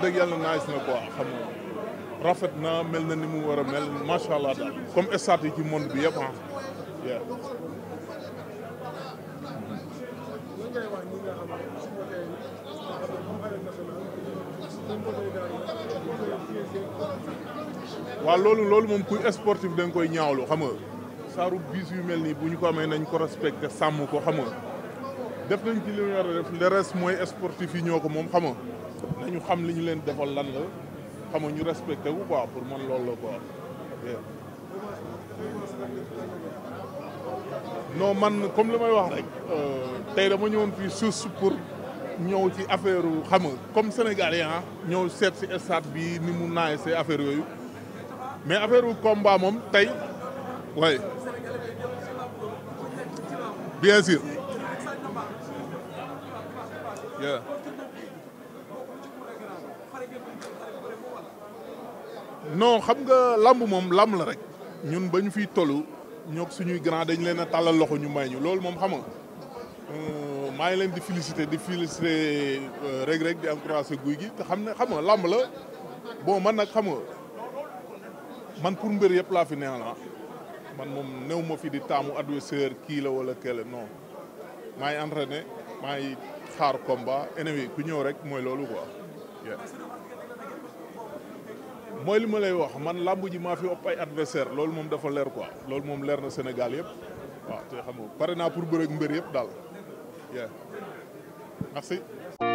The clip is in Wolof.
dëgg yàlla naaj na ko xam nga rafet na mel na ni mu war a mel macha allah daal comme stade yi ci monde bi yëpp ah. waaw loolu loolu moom kuy sportif da koy ñaawlu xam nga saaru bis yu mel nii bu ñu ko amee nañ ko respecté sàmm ko xam def nañ ci li ñu war a def le reste mooy sportif yi ñoo ko moom xam nga nañu xam li ñu leen defal lan la xam nga ñu respecté wu quoi pour man loolu la quoi. non man comme li may wax rek euh, tey dama ñëwoon fii suuf pour ñëw ci affaire xam comme sénégal ah ñëw seet si stade bi ni mu naay see affaire yooyu mais affaire wu combat moom tey way bien sûr. Yeah. xam nga làmb moom làmb la rek ñun ba ñu fiy toll ñoog suñuy grand dañ leen a tàllal loxo ñu may ñu loolu moom xam nga euh, maa ngi leen di féliciter di féliciter euh, Reug Reug di encourager guy gi te xam ne xam nga làmb la bon man nag xam nga man pour mbër yëpp laa fi neex la ah. man moom néew ma fi di taamu adversaire kii la wala kële non maa ngi entraîné maa ngi xaar combat ennemi ku ñëw rek mooy loolu quoi. mooy li ma lay wax man làmb ji maa fi ëpp ay adversaire loolu moom dafa leer ko loolu moom leer na Sénégal yëpp wa te xam nga pare naa pour bëreeg mbër yépp daal. merci.